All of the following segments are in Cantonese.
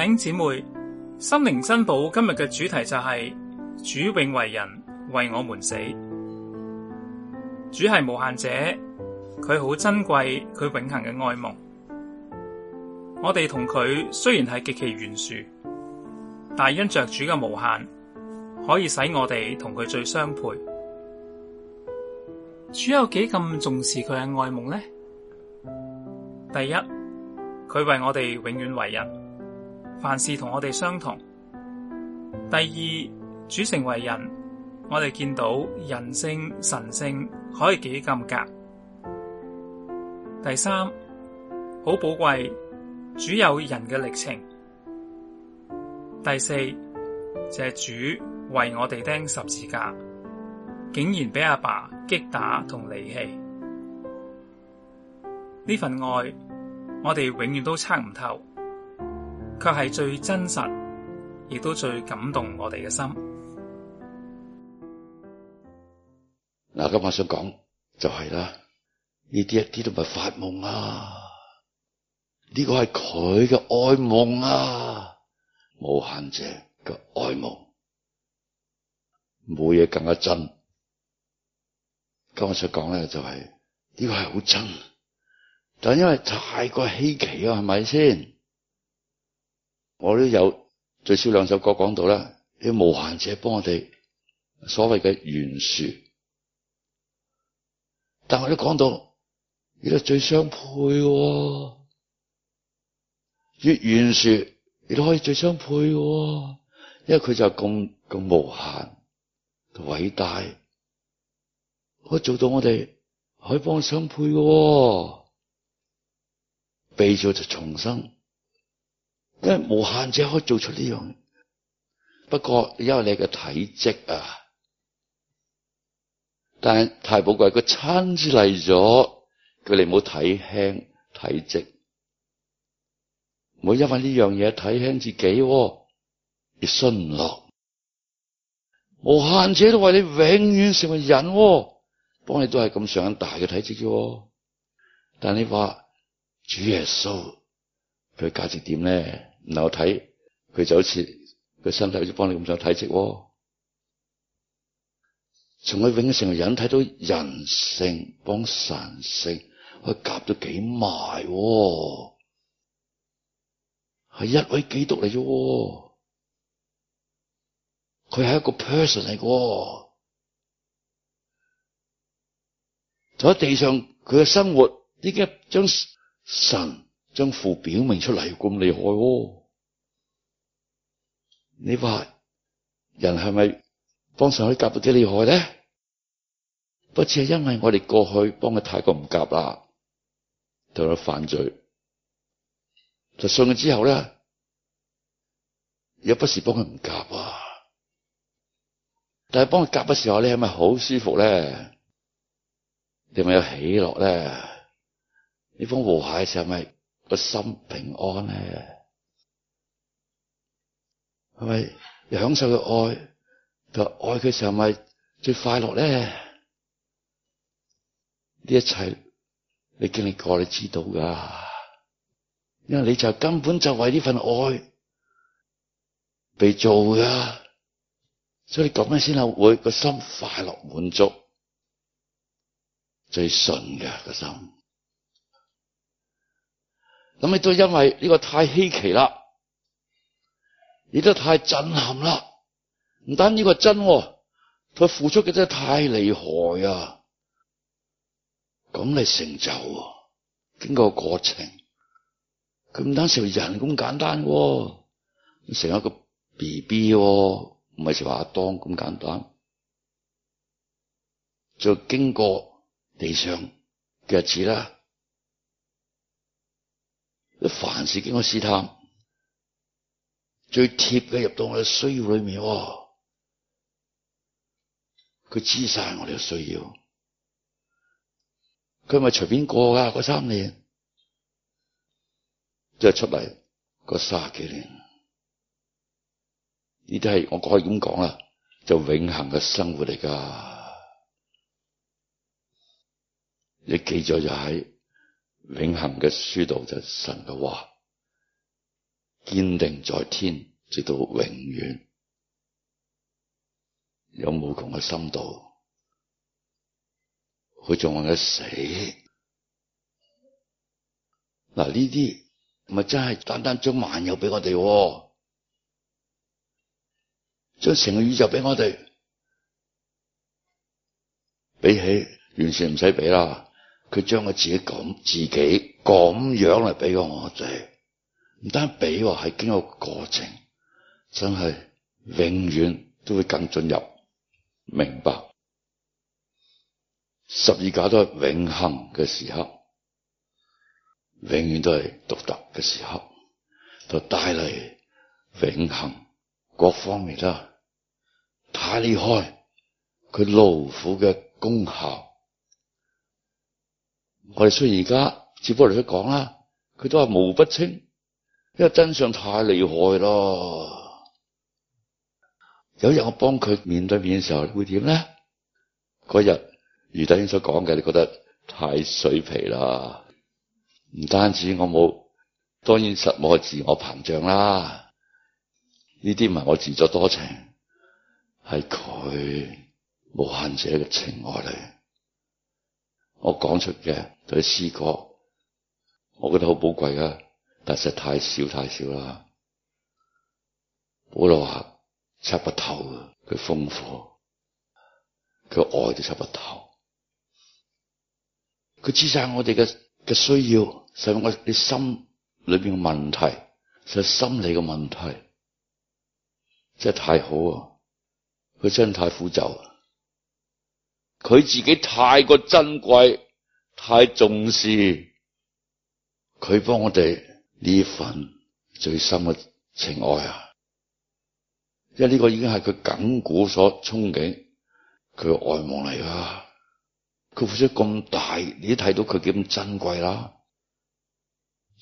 弟兄姐妹，心靈珍寶今日嘅主題就係、是、主永為人，為我們死。主係無限者，佢好珍貴，佢永恒嘅愛夢。我哋同佢雖然係極其懸殊，但因着主嘅無限，可以使我哋同佢最相配。主有幾咁重視佢嘅愛夢呢？第一，佢為我哋永遠為人。凡事同我哋相同。第二，主成為人，我哋見到人性、神性可以幾咁夾。第三，好寶貴，主有人嘅歷程。第四，就是、主為我哋釘十字架，竟然畀阿爸擊打同離棄。呢份愛，我哋永遠都猜唔透。卻係最真實，亦都最感動我哋嘅心。嗱、啊，今日想講就係、是、啦，呢啲一啲都唔係發夢啊，呢個係佢嘅愛夢啊，無限者嘅愛夢，冇嘢更加真。今日想講咧就係呢個係好真，但因為太過稀奇啊，係咪先？我都有最少兩首歌講到啦，啲無限者幫我哋所謂嘅懸殊，但係我都講到，越最相配、哦，越懸殊，都可以最相配、哦，因為佢就咁咁無限偉大，可以做到我哋可以幫相配嘅、哦，被咗就重生。因為無限者可以做出呢樣，不過因為你嘅體積啊，但係太寶貴，佢親自嚟咗，叫你唔好睇輕體積，唔好因為呢樣嘢睇輕自己、啊，你信唔落？無限者都話你永遠成為人、啊，幫你都係咁上大嘅體積啫、啊。但係你話主耶穌佢價值點咧？嗱，我睇佢就好似佢身體好似幫你咁上下體積、哦，從佢永為人睇到人性幫神性，佢夾到幾埋、哦，係一位基督徒嚟啫，佢係一個 person 嚟㗎、哦，就喺地上佢嘅生活已經將神將父表明出嚟咁厲害、哦。你話人係咪幫上去夾到幾厲害咧？不似係因為我哋過去幫佢太過唔夾啦，到咗犯罪。就信咗之後咧，又不時幫佢唔夾啊。但係幫佢夾嘅時候，你係咪好舒服咧？你咪有喜樂咧？呢封和諧嘅時候，係咪個心平安咧？係咪享受佢愛？就愛佢時候咪最快樂咧？呢一切你經歷過，你知道噶。因為你就根本就為呢份愛被做噶，所以咁樣先係會個心快樂滿足，最順嘅個心。咁你都因為呢個太稀奇啦。你都太震撼啦！唔單呢個真，佢付出嘅真係太厲害啊！咁你成就，經過過程，佢唔單成人咁簡單，成一個 B B，唔係成話阿當咁簡單，再經過地上嘅日子啦，凡事經過試探。最貼嘅入到我嘅需要裏面，佢，哦，知晒我哋嘅需要。佢唔係隨便過噶，嗰三年，即係出嚟嗰卅幾年，呢啲係我可以咁講啦，就永恆嘅生活嚟噶。你記咗就喺永恆嘅書度就神嘅話。堅定在天，直到永遠，有無窮嘅深度。佢仲為我哋死。嗱，呢啲咪真係單單將萬有俾我哋，將成個宇宙俾我哋？比起完全唔使俾啦，佢將佢自己咁自己咁樣嚟俾我哋。唔單比話，係經過過程，真係永遠都會更進入明白。十字架都係永恆嘅時刻，永遠都係獨特嘅時刻，就帶嚟永恆各方面啦。太厲害，佢勞苦嘅功效。我哋雖然而家只不過嚟都講啦，佢都話模糊不清。因為真相太厲害啦，有一日我幫佢面對面嘅時候會點咧？嗰日余弟兄所講嘅，你覺得太水皮啦？唔單止我冇，當然實冇個自我膨脹啦。呢啲唔係我自作多情，係佢無限者嘅情愛嚟。我講出嘅對詩歌，我覺得好寶貴啊！但係太少太少啦！保羅話：測不透佢豐富，佢愛都測不透。佢知晒我哋嘅嘅需要，使我哋心裏邊嘅問題，實心理嘅問題，真係太好啊！佢真係太苦咒，佢自己太過珍貴，太重視，佢幫我哋。呢份最深嘅情愛啊，因為呢個已經係佢筋骨所憧憬外，佢嘅愛望嚟啦。佢付出咁大，你都睇到佢幾咁珍貴啦。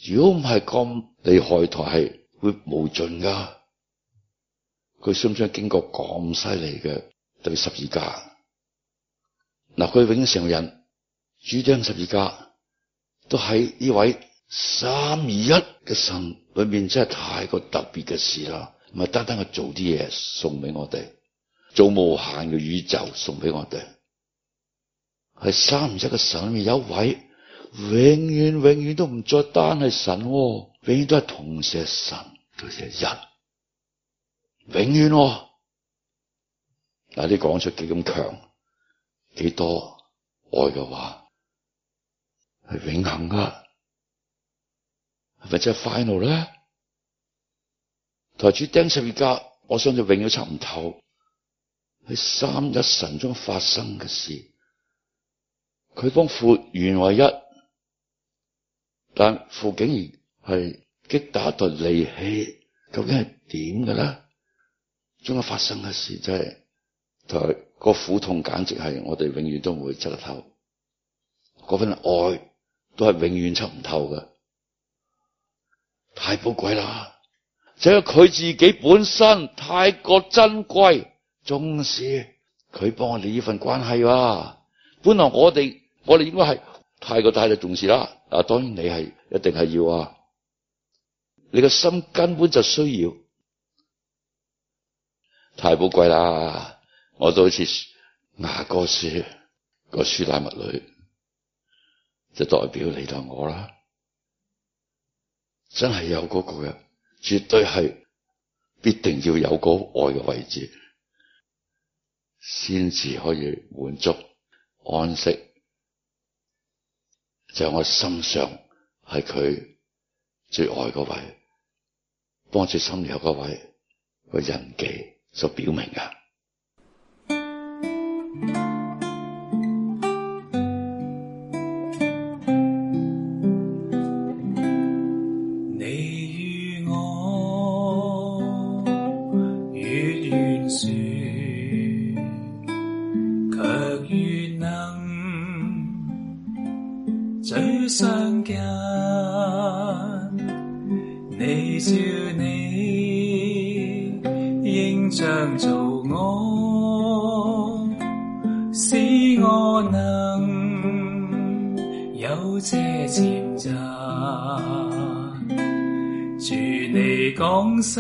如果唔係咁，你害台係會無盡噶。佢想唔想經過咁犀利嘅，特十字架？嗱，佢永為人主張十字架，都喺呢位。三而一嘅神裏面真係太過特別嘅事啦，唔係單單做我做啲嘢，送俾我哋，做無限嘅宇宙送俾我哋，係三而一嘅神裏面有一，有位永遠永遠都唔再單係神，哦，永遠都係同時神，同時人，永遠嗱，你講出幾咁強，幾多愛嘅話係永恆噶。咪即係 final 咧？台主釘十字架，我相信永遠測唔透喺三一神中發生嘅事。佢幫父原為一，但父竟然係激打到利器，究竟係點嘅咧？中間發生嘅事真、就、係、是，台、那個苦痛簡直係我哋永遠都唔會測透，嗰份愛都係永遠測唔透嘅。太寶貴啦！就係佢自己本身太過珍貴，重視佢幫我哋呢份關係哇、啊。本來我哋我哋應該係太過大力重視啦。嗱，當然你係一定係要啊。你個心根本就需要太寶貴啦。我都好似雅歌書，那個書架物裏就代表你同我啦。真係有嗰、嗰個嘅，絕對係必定要有個愛嘅位置，先至可以滿足安息。就係、我心上係佢最愛個位，幫住心裡有位個印記所表明嘅。能最相近，祢照祢形像造我，使我能有這潛質。主，祢降世，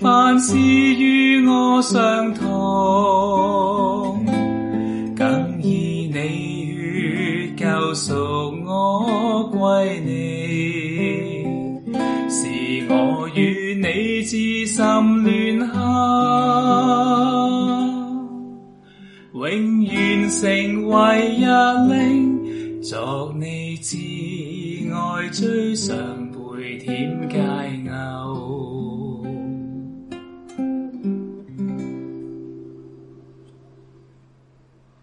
凡事與我相同。愛你是我與你至深聯合，永遠成為一靈，作你至愛最相配甜佳偶。